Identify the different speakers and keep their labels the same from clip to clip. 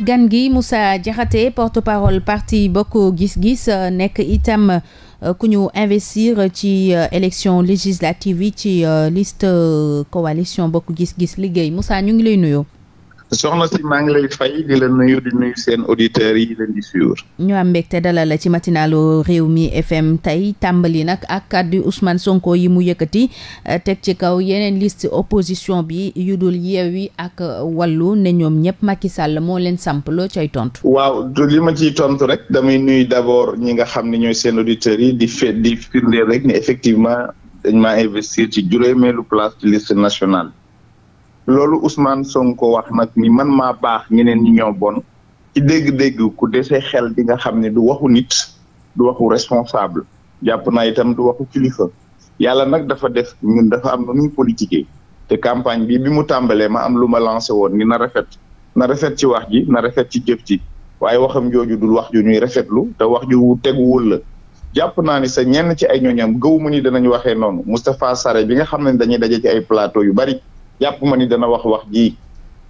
Speaker 1: gan gi Moussa Diakhaté porte-parole parti Bokk Gis Gis euh, nekk itam euh, ku ñu investir ci euh, élection législative yi ci liste coalition Bokk Gis Gis liggéey Moussa ñu ngi lay nuyoo
Speaker 2: soxna si maa ngi lay fay di la nuyu di nuyu seen auditeurs yi leen di suivre.
Speaker 1: ñu am dalal la ci matinalu réew mi FM tey tàmbali nag ak kàddu Ousmane Sonko yi mu yëkkati eh, teg ci kaw yeneen liste opposition bi yu dul yi ak eh, Wallu ne ñoom ñëpp Macky sàll moo leen samp loo cay tontu.
Speaker 2: waaw du li ma ciy tontu rek damay nuyu d'abord ñi nga xam ne ñooy seen auditeurs yi di fe rek ni effectivement dañ maa investir ci juróomeelu place ci liste nationale. loolu Ousmane Sonko wax nag ni man maa baax ñeneen ñi bon ci dégg-dégg ku dese xel di nga xam ne du waxu nit du waxu responsable jàpp naa itam du waxu kilifa yàlla nag dafa def dafa am na nuy politiquer te campagne bi bi mu tàmbalee ma am lu ma lancé woon ni na rafet na rafet ci wax ji na rafet ci jëf ji waaye waxam jooju dul wax ju ñuy rafetlu te wax ju teguwul la jàpp naa ni sa ñenn ci ay ñooñam gëw mu ni danañ waxee noonu Moustapha Sare bi nga xam ne dañuy daje ci ay plateau yu bari jàpp ma ni dana wax wax ji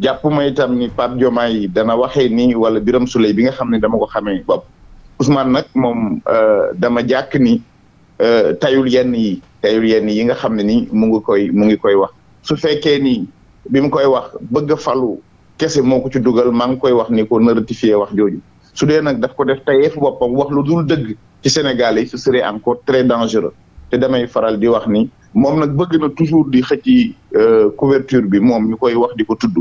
Speaker 2: jàpp ma itam ni Pape yi dana waxee nii wala biram Souleye bi nga xam ne dama ko xamee bopp Ousmane nag moom euh, dama jàkk ni euh, tayul yenn yi tayul yenn yi nga xam ne ni mu ngi koy mu ngi koy wax su fekkee ni bi mu koy wax bëgg a falu kese moo ko ci dugal maa ngi koy wax ni ko na rectifier wax jooju su dee nag daf ko def tayeef boppam wax lu dul dëgg ci Sénégal yi ce serait encore très dangereux te damay faral di wax ni moom nag bëgg na toujours di xëcci euh, couverture bi moom ñu koy wax di ko tudd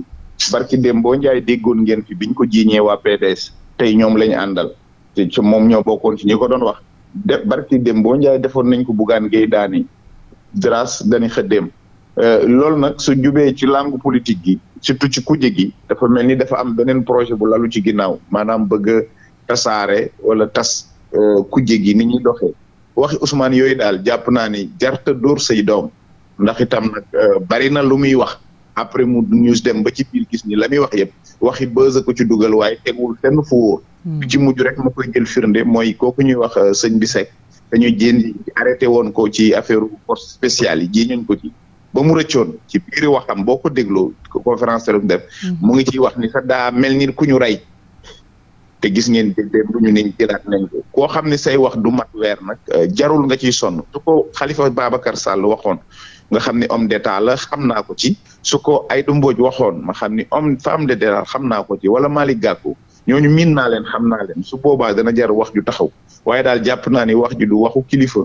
Speaker 2: barki dem boo njaay déggoon ngeen fi biñ ko jiiñee waa PDS tey ñoom la ñu àndal te ci moom ñoo bokkoon ci ko doon wax de barki dem boo njaay defoon nañ ko buggaan gay daani dras dani xëddeem euh, loolu nag su jubee ci langue politique gi surtout ci kuje gi dafa mel ni dafa am beneen projet bu lalu ci ginnaaw maanaam bëgg a wala tas euh, kuje gi ni ñuy doxee waxi Ousmane yooyu daal jàpp naa ni jarta door say doom ndax itam nag euh, bari na lu muy wax après mu ñu dem ba ci biir gis ni la muy wax yëpp waxi bës ko ci dugal waaye tegul fenn fu wóor. Hmm. ci mujj rek ma koy jël mooy kooku ñuy wax euh, sëñ bi Seck dañu jéem arrêté woon ko ci affaire force spéciale yi ji ñuñ ko ci. ba mu rëccoon ci biir waxam boo ko dégloo conférence de def hmm. mu ngi ciy wax ni sax daa mel ni ku ñu rey. te gis ngeen de démb ñu ne jëlaat nañ ko koo xam ne say wax du mat weer nag euh, jarul nga ciy sonn su ko xalifa Khalifa Babacar Sall waxoon nga xam ne homme d'état la xam naa ko ci su ko ay Aïda Mbodj waxoon ma xam ni homme femme d'état xam naa ko ci wala Malick Gakou ñooñu miin naa leen xam naa leen su boobaa dana jar wax ju taxaw waaye daal jàpp naa ni wax ji du waxu kilifa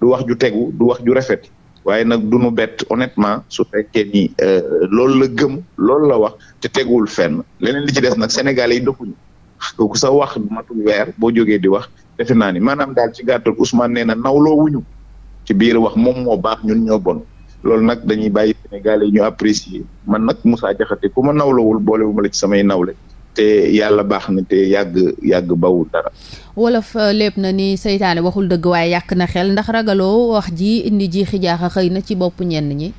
Speaker 2: du wax ju tegu du wax ju rafet waaye nag du nu bett honnêtement su fekkee ni euh, loolu la gëm loolu la wax te teguwul fenn leneen li ci des nag Sénégalais yi kooku sa wax matul weer boo jógee di wax defe naa ni maanaam daal ci gàttal Ousmane nee na nawloo ci biir wax moom moo baax ñun ñoo bon loolu nag dañuy bàyyi Sénégalais yi ñu apprécier man nag Moussa Diakhaté ku ma nawlowul boolewuma la ci samay nawle te yàlla baax na te yàgg yàgg bawul dara.
Speaker 1: wolof euh, lépp na ni seytaane waxul dëgg waaye yàq na xel ndax ragaloo wax ji indi ji xijaaxa xëy na ci bopp ñenn ñi.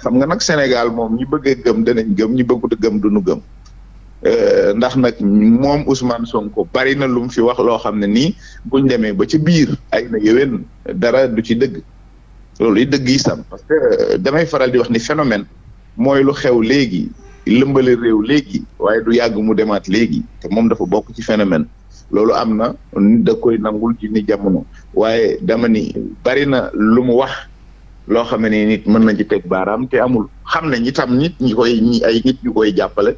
Speaker 2: xam nga nag Sénégal moom ñi bëggee gëm danañ gëm ñi bëggut gëm duñu gëm. Euh, ndax nag moom Ousmane Sonko bari na lu mu fi wax loo xam ne nii buñ demee ba ci biir ay na yéwén dara du ci dëgg loolu yi dëgg yi sam parce que euh, damay faral di wax ni phénomène mooy lu xew léegi lëmbale réew léegi waaye du yàgg mu demaat léegi te moom dafa bokk ci phénomène loolu am na da koy nangul ci ni jamono waaye dama ni bari na lu mu wax loo xam ne nit mën na ci teg baaraam te amul xam ne ñitam tam ñi nit ñu koy jàppale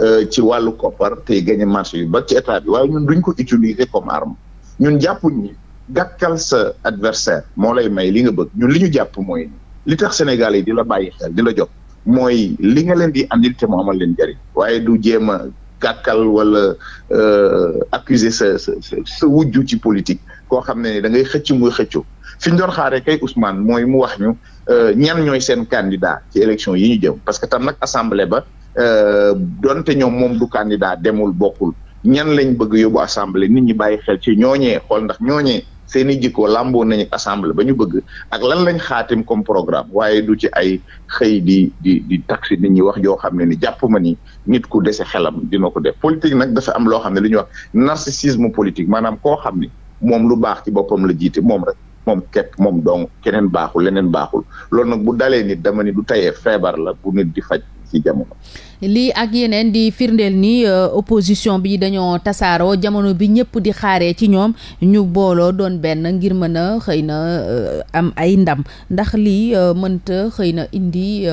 Speaker 2: Euh, ci wàllu koppar tey gagné marché yu ba ci état bi waaye ñun duñ ko utiliser comme arme ñun jàppuñ ni gàkkal sa adversaire moo lay may li nga bëgg ñun li ñu jàpp mooy li tax Sénégal yi di la bàyyi xel di la jox mooy li nga leen di andil te mu amal leen jariñ waaye du jéem a gàkkal wala euh, accuser sa sa sa wujju ci politique koo xam ne da ngay xëcc muy xëccu fi ñu doon xaaree kay Ousmane mooy mu wax ñu euh, ñan ñooy seen candidat ci élection yi ñu jëm parce que tam nag assemblée ba Euh, donte ñoom moom du candidat demul bokkul ñan lañ bëgg yóbbu assemblée nit ñi bàyyi xel ci ñooñee xool ndax ñooñee seen i jikko làmboo nañu assemblée ba ñu bëgg ak lan lañ xaatim comme programme waaye du ci ay xëy di di di taxi nit ñi wax joo xam ne ni jàpp ma ni nit ku dese xelam dina ko def politique nag da dafa am loo xam ne li ñuy wax narcissisme politique maanaam koo xam ni moom lu baax ci boppam la jiite moom rek moom képp moom dong keneen baaxul leneen baaxul lool nag bu dalee nit dama ni du tayee feebar la bu nit di faj ci jamono.
Speaker 1: lii ak yeneen di firndeel ni euh, opposition bi dañoo tasaaroo jamono bi ñëpp di xaaree ci ñoom ñu booloo doon benn ngir mën a xëy na euh, am ay ndam ndax lii euh, mënta xëy na indi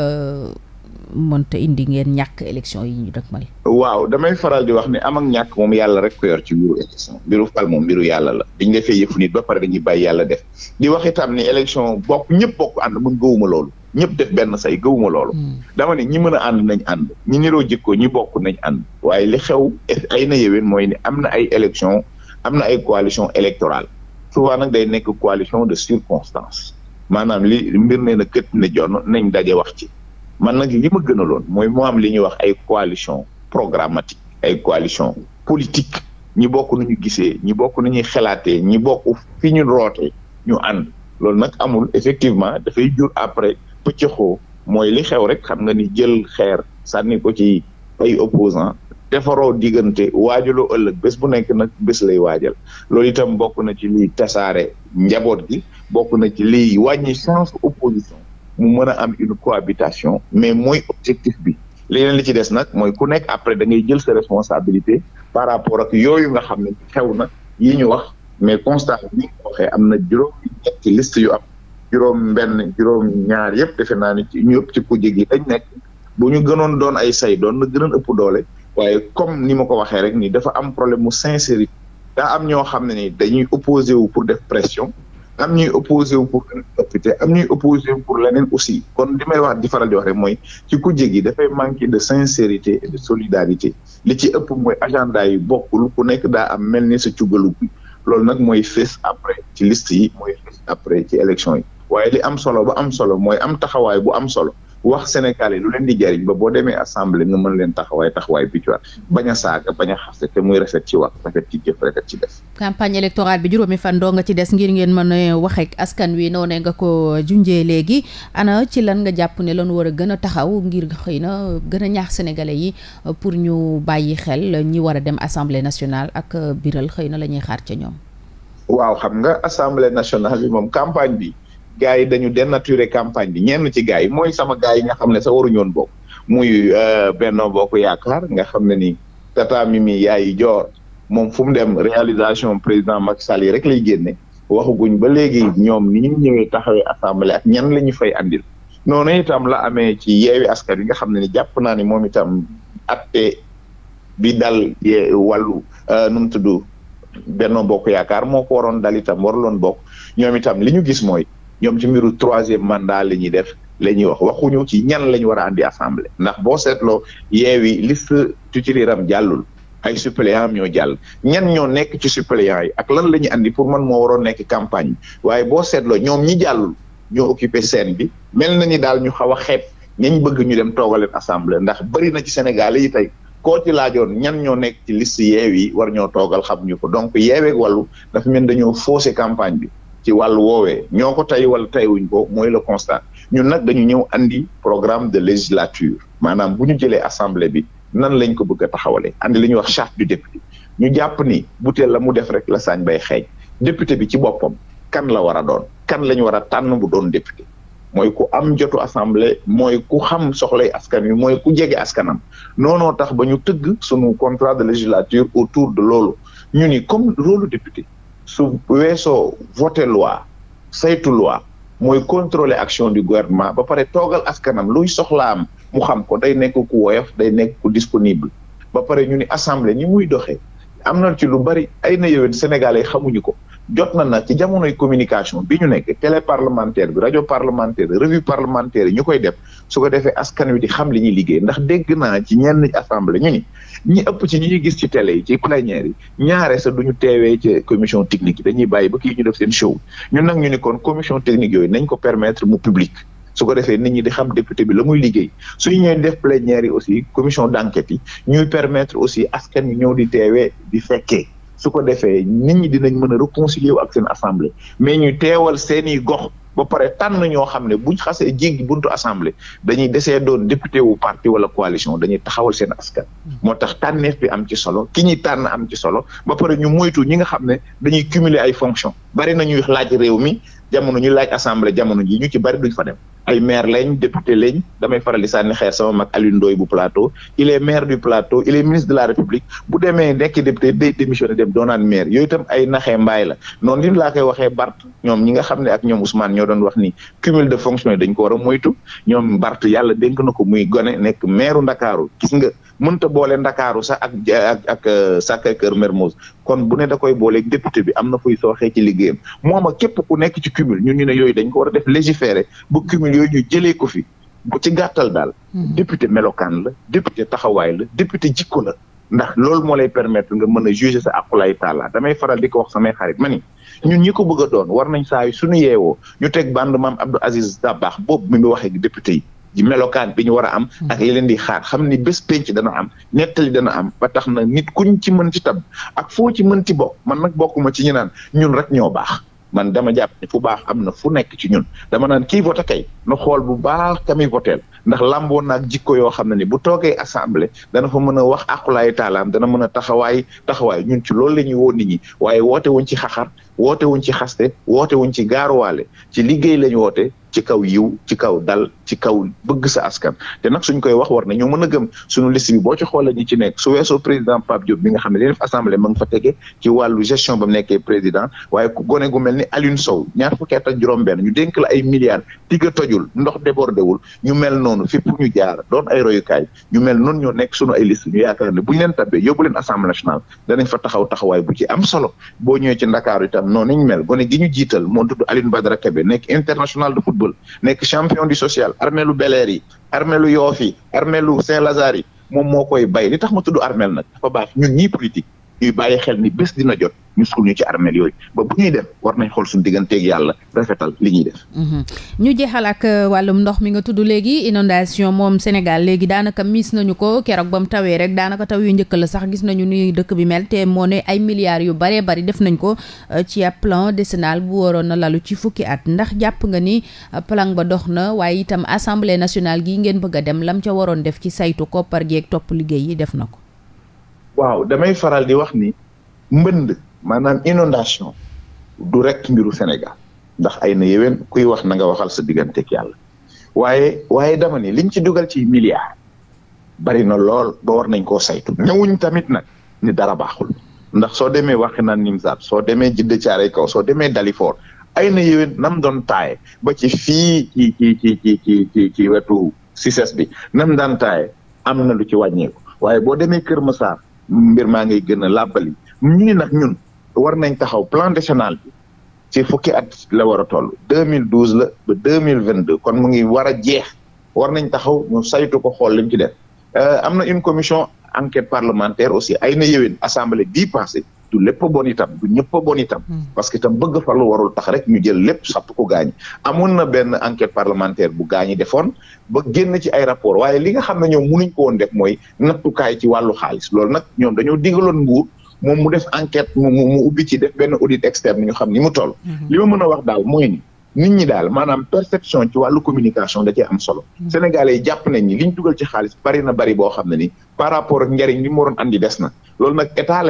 Speaker 1: mënta indi ngeen ñàkk élection yi ñu dëgmal.
Speaker 2: waaw damay faral di wax ne am ak ñàkk moom yàlla rek ko yor ci mbiru élection mbiru fal moom mbiru yàlla la dañ defee yëfu nit ba pare dañuy bàyyi yàlla def di wax itam ni élection bokk ñëpp bokk ànd mën gëwuma loolu. ñëpp def benn say gëwuma loolu. Hmm. dama ne ñi mën a ànd nañ ànd ñi niroo jëkkoo ñi bokk nañ ànd. waaye li xew ay na yeween mooy ni am na ay élection am na ay coalition électorale souvent nag day nekk coalition de circonstance maanaam li mbir ne na kët ne jonn nañ daje wax ci man nag li ma gënaloon mooy moo am li ñuy wax ay coalition programmatique ay coalition politique ñi bokk nu ñu gisee ñi bokk nu ñuy xalaatee ñi bokk fi ñu rootee ñu ànd loolu nag amul effectivement dafay jur après pëccëxoo mooy li xew rek xam nga ni jël xeer sànni ko ci ay opposant defaroo diggante waajaloo ëllëg bés bu nekk nag bés lay waajal loolu itam bokk na ci liy tasaare njaboot gi bokk na ci liy wàññi chance opposition mu mën a am une cohabitation mais mooy objectif bi leneen li ci des nag mooy ku nekk après da jël sa responsabilité par rapport ak yooyu nga xam ne xew na yi ñu wax mais constat bi ñu ko am na juróomi ñetti liste yu am juróom benn juróom ñaar yëpp defe naa ni ci ñu ëpp ci kujje gi dañ nekk bu ñu gënoon doon ay say doon na gënoon ëpp doole waaye comme ni ma ko waxee rek ni dafa am problème mu sincérité daa am ñoo xam ne ni dañuy opposé wu pour def pression am ñuy opposé wu pour député am ñuy opposé wu pour leneen aussi kon li may wax di faral di wax rek mooy ci kujje gi dafay manqué de sincérité et de solidarité li ci ëpp mooy agenda yi bokkul ku nekk daa am mel ni sa cugalu bi loolu nag mooy fés après ci liste yi mooy fés après ci élection yi waaye li am solo ba am solo mooy am taxawaay bu am solo wax Sénégal yi lu leen di jariñ ba boo demee assemblée nga mën leen taxawaay taxawaay bi ci war bañ a saaga a xaste te muy rafet ci wax rafet ci jëf rafet
Speaker 1: campagne électorale bi juróomi fan doo nga ci des ngir ngeen mën a wax ak askan wi noo ne nga ko junjee léegi ana ci lan nga jàpp ne lan war a gën a taxaw ngir xëy na gën a ñaax sénégalais yi pour ñu bàyyi xel ñi war a dem assemblée nationale ak biral xëy na la ñuy xaar ca ñoom.
Speaker 2: waaw xam nga assemblée nationale bi campagne bi. gars yi dañu dénaturer campagne bi ñenn ci gars yi mooy sama gars yi nga xam ne sa waruñu woon bokk muy euh, Benno Bokk Yaakaar nga xam ne ni tata mi yaay joor moom fu mu dem réalisation président Macky Sall yi rek lay génne waxaguñ ba léegi ñoom ni ñu ñëwee taxawee assemblée at ñan la ñu fay andil noonu itam la amee ci yeewi askan yi nga xam ne ni jàpp naa ni moom itam atte bi dal wàllu euh, nu mu tudd Benno Bokk Yaakaar moo ko waroon dal itam waruloon bokk ñoom itam li ñu gis mooy ñoom ci mbiru troisième mandat la ñuy def la ñuy wax waxuñu ci ñan la ñu war a andi assemblée ndax boo seetloo yeewi liste titulaire am jàllul ay suppléants ñoo jàll ñan ñoo nekk ci suppléants yi ak lan la ñu andi pour man moo waroon nekk campagne bi waaye boo seetloo ñoom ñi jàllul ñoo occupé scène bi mel na ni daal ñu xaw a xeeb ñañ bëgg ñu dem toogaleen assemblée ndax bëri na ci Sénégal yi tey koo ci laajoon ñan ñoo nekk ci list yeew yi war ñoo toogal xam ñu ko donc yeeweeg wàllu dafa mel dañoo faussé campagne bi ci wàllu woowee ñoo ko tey wala teyuñ ko mooy la constat ñun nag dañu ñëw andi programme de législature maanaam bu ñu jëlee assemblée bi nan lañ ko bëgg a taxawalee andi li ñuy wax charte du député ñu jàpp ni butéel la mu def rek la sañ bay xeeñ député bi ci boppam kan la war a doon kan la ñu war a tànn bu doon député mooy ku am jotu assemblée mooy ku xam soxlay askan wi mooy ku jege askanam noonoo tax ba ñu tëgg suñu contrat de législature autour de loolu ñu ni comme rôle député su weesoo voté loi saytu loi mooy contrôler action du gouvernement ba pare toogal askanam luy soxlaam mu xam ko day nekk ku woyof day nekk ku disponible ba pare ñu ni assemblée ñu muy doxe am na ci lu bari ay na yowén sénégalais xamuñu ko jot na na ci jamonoy communication bi ñu nekk télé parlementaire bi rajo parlementaire revue parlementaire yi ñu koy def su ko defee askan wi di xam li ñuy liggéey ndax dégg naa ci ñenn assemblée ñu ni ñi ëpp ci ñi ñuy gis ci télé yi ci plénière yi ñaare sa duñu teewee ci commission technique yi dañuy bàyyi ba kii ñu def seen show ñun nag ñu ni kon commission technique yooyu nañ ko permettre mu public su ko defee nit ñi di xam député bi la muy liggéey su ñëwee def plénière yi aussi commission d'enquête yi ñuy permettre aussi askan wi ñëw di teewee di fekkee su ko defee nit ñi dinañ mën a réconcilier wu ak seen assemblée mais ñu teewal seeni gox ba pare tànn ñoo xam ne buñ xasee jéggi buntu assemblée dañuy desee doon député wu parti wala coalition dañuy taxawal seen askan. moo tax tànneef bi am ci solo ki ñuy tànn am ci solo ba pare ñu moytu ñi nga xam ne dañuy cumuler ay fonctions bari na ñuy laaj réew mi jamono ñu laaj assemblée jamono ji ñu ci bari duñ fa dem ay maire lañ député lañ damay faral di sànni xeer sama mag Alioune Ndoye bu plateau il est maire du plateau il est ministre de la république bu demee nekk député day démissionné dem doonaan maire yooyu itam ay naxee mbaay la noonu li laa koy waxee Bart ñoom ñi nga xam ne ak ñoom Ousmane ñoo doon wax ni cumul de fonction yi dañ ko war a moytu ñoom Bart yàlla dénk na ko muy gone nekk maireu Ndakaaru gis nga mënta boole ndakaaru sax ak ak ak euh, kër cœur Mermoz kon bu ne da koy booleek député bi am na fuy sooxee ci liggéeyam moom ak képp ku nekk ci cumul ñun ñu ne yooyu dañ ko war a def légiférer bu cumul yooyu ñu jëlee ko fi bu ci gàttal daal hmm. député melokaan la député taxawaay la député jikko la ndax loolu moo lay permettre nga mën a juger sa aqulaay taala damay faral di ko wax samay xarit ma ni ñun ñi ko bëgg a doon war nañ saa suñu yeewoo ñu teg bande maam Abdou Aziz Dabakh boobu mi mu waxee député yi melokaan bi ñu war a am. Mm-hmm. ak li leen di xaar xam ni bés penc dana am nettali dana am ba tax na nit kuñ ci mën ci tam ak foo ci mën ci bokk man nag bokkuma ci ñu naan ñun rek ñoo baax. man dama jàpp ne baax am na fu nekk ci ñun dama naan kii voté kay na xool bu baax kami voteel ndax làmboo naag jikko yoo xam ne ni bu toogee assemblée dana fa mën a wax aqulaay taalaam dana mën a taxawaay taxawaay ñun ci loolu la ñuy woo nit ñi waaye woote wuñ ci xaxar woote wuñ ci xaste woote wuñ ci gaaruwaale ci liggéey lañ woote ci kaw yiw ci kaw dal ci kaw bëgg sa askan te nag suñ koy wax war nañoo mën a gëm suñu liste bi boo ci xoolee ñi ci nekk su weesoo président Pape Diop mi nga xam ne li def assemblée ma nga fa tege ci wàllu gestion ba nekkee président waaye ku gone gu mel ni Alioune Sow ñaar fukki at juróom-benn ñu dénk la ay milliards tigga tojul ndox débordé wul ñu mel noonu fi pour ñu jaar doon ay royukaay ñu mel noonu ñoo nekk suñu ay liste ñu yaakaar ne bu ñu leen tabbee yóbbu leen assemblée nationale danañ fa taxaw taxawaay bu am solo boo ñëwee ci Ndakaaru itam noonu ñu mel gone gi nekk international football nekk champion du social armée lu Bel-Air yi armée lu Yoff yi yi moom moo koy bay li tax ma tudd armée nag dafa baax ñun ñii politique ñuy bàyyi xel ni bés dina jot ñu suul ñu ci armeel yooyu ba bu ñuy def war nañ xool suñu digganteeg yàlla rafetal li ñuy def.
Speaker 1: Mhm. ñu jeexal ak euh, wàllum ndox mi nga tudd léegi inondation moom Sénégal léegi daanaka miis nañu ko keroog ba mu tawee rek daanaka taw yu njëkk la sax gis nañu ni dëkk bi mel te moo ne ay milliards yu baree bari def nañ ko euh, ci ab plan bu waroon na lalu ci fukki at ndax jàpp nga ni euh, plan ba dox na waaye itam assemblée national gi ngeen bëgg a dem lam ca waroon def ci saytu koppar geeg topp liggéey yi def na ko.
Speaker 2: waaw damay faral di wax ni mbënd maanaam inondation du rek mbiru Sénégal ndax ay na yéwén kuy wax na nga waxal sa digganteeg yàlla waaye waaye dama ne liñ ci dugal ci milliards bari na lool ba war nañ koo saytu ñëwuñ tamit nag ni dara baaxul ndax soo demee waxi naan Nimzaat soo demee Jidda Caaray kaw soo demee dalifoot ay na yéwén nam doon taaye ba ci fii ci ci ci ci ci ci wetu CICES bi nam daan taaye am na lu ci wàññeeku waaye boo demee Kër Massar mbir maa ngay gën a làbbali ñii nag ñun war nañ taxaw plan de bi ci fukki at la war a toll 2012 la vingt 2022 kon mu ngi war jeex war nañ taxaw ñu saytu ko xool lim ci def euh, am na une commission enquête parlementaire aussi ay na yéwén assemblée bii passé du lépp a bon itam du ñëpp a bon itam. Hmm. parce que itam bëgg falu warul tax rek ñu jël lépp sàpp ko gaañ. amoon na benn enquête parlementaire bu gaañi defoon ba génn ci ay rapport waaye li nga xam ne ñoom munuñ ko woon def mooy nattukaay ci wàllu xaalis loolu nag ñoom dañoo digaloon nguur moom mu def enquête mu mu ubbi ci def benn audit externe ñu xam ni mu toll. Hmm. li ma mën a wax daal mooy ni. nit ñi daal maanaam perception ci wàllu communication da cee am solo. Hmm. Sénégalais yi jàpp nañ ni liñ dugal ci xaalis bari na bari boo xam ne ni par rapport ak njariñ li mu waroon andi des na loolu nag état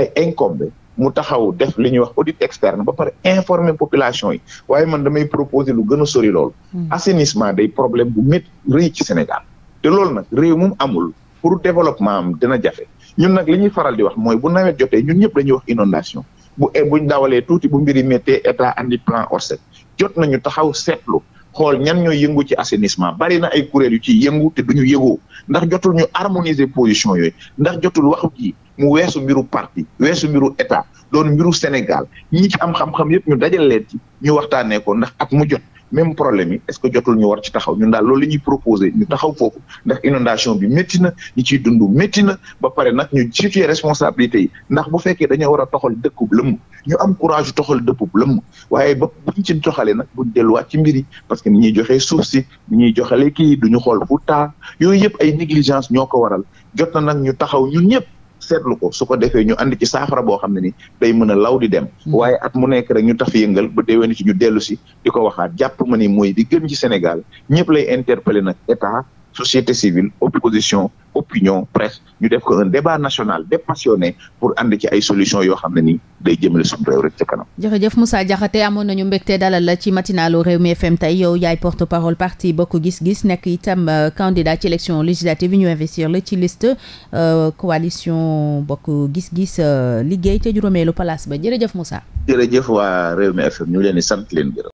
Speaker 2: mu taxaw def li ñuy wax audit na ba pare informer population yi waaye man damay proposé lu gën a sori lool hmm. assainissement day problème bu métti rëy ci Sénégal. te loolu nag réew moom amul pour développement am dina jafe ñun nag li ñuy faral di wax mooy bu nawet jotee ñun ñëpp dañuy wax inondation bu e buñ dawalee tuuti bu mbiri méttee état andi plan ORSEC jot na ñu taxaw seetlu. xool ñan ñooy yëngu ci assainissement bari na ay kuréel yu ci yëngu te duñu yëgoo ndax jotul ñu harmoniser position yooyu ndax jotul wax ji mu weesu mbiru parti weesu mbiru état doon mbiru Sénégal ñi ci am xam yëpp ñu dajal leen ci ñu waxtaanee ko ndax at mu jot même problème yi est-ce que jotul ñu war ci taxaw ñun daal loolu ñuy proposé ñu foofu ndax inondation bi métti na ñi ciy dund métti na ba pare nag ñu situé responsabilité yi ndax fekkee dañoo war a toxal dëkkub lëmm ñu am courage toxal dëkkub lëmm waaye ba buñ ci toxalee nag buñ delluwaat ci mbir yi parce que ni ñuy joxee suuf si ni ñuy joxalee kii ñu xool fu taa yooyu yëpp ay négligence ñoo ko waral jot na nag ñu taxaw ñun ñëpp seetlu ko su ko defee ñu andi ci saafara boo xam ne ni day mën a law di dem hmm. waaye at mu nekk rek ñu taf yëngal ba déwén ci ñu dellu si di ko waxaat jàpp ma ni mooy di gën ci Sénégal ñëpp lay interpeller nag état société civile opposition opinion presse ñu def ko un débat national dépassionné pour ànd ci ay solution yoo xam ne ni day jëmale suñu réew rek ca kanam.
Speaker 1: jërëjëf Moussa Diakhaté amoon nañu mbégte dalal la ci matinalu Rewmi FM tey yow yaay porte parole parti Bokk Gis Gis nekk itam euh, candidat ci élection législative yi ñu investir la ci liste euh, coalition Bokk Gis Gis euh, liggéey ca juróomeelu palaas ba jërëjëf Moussa.
Speaker 2: jërëjëf waa Rewmi FM ñu leen sant leen gërëm.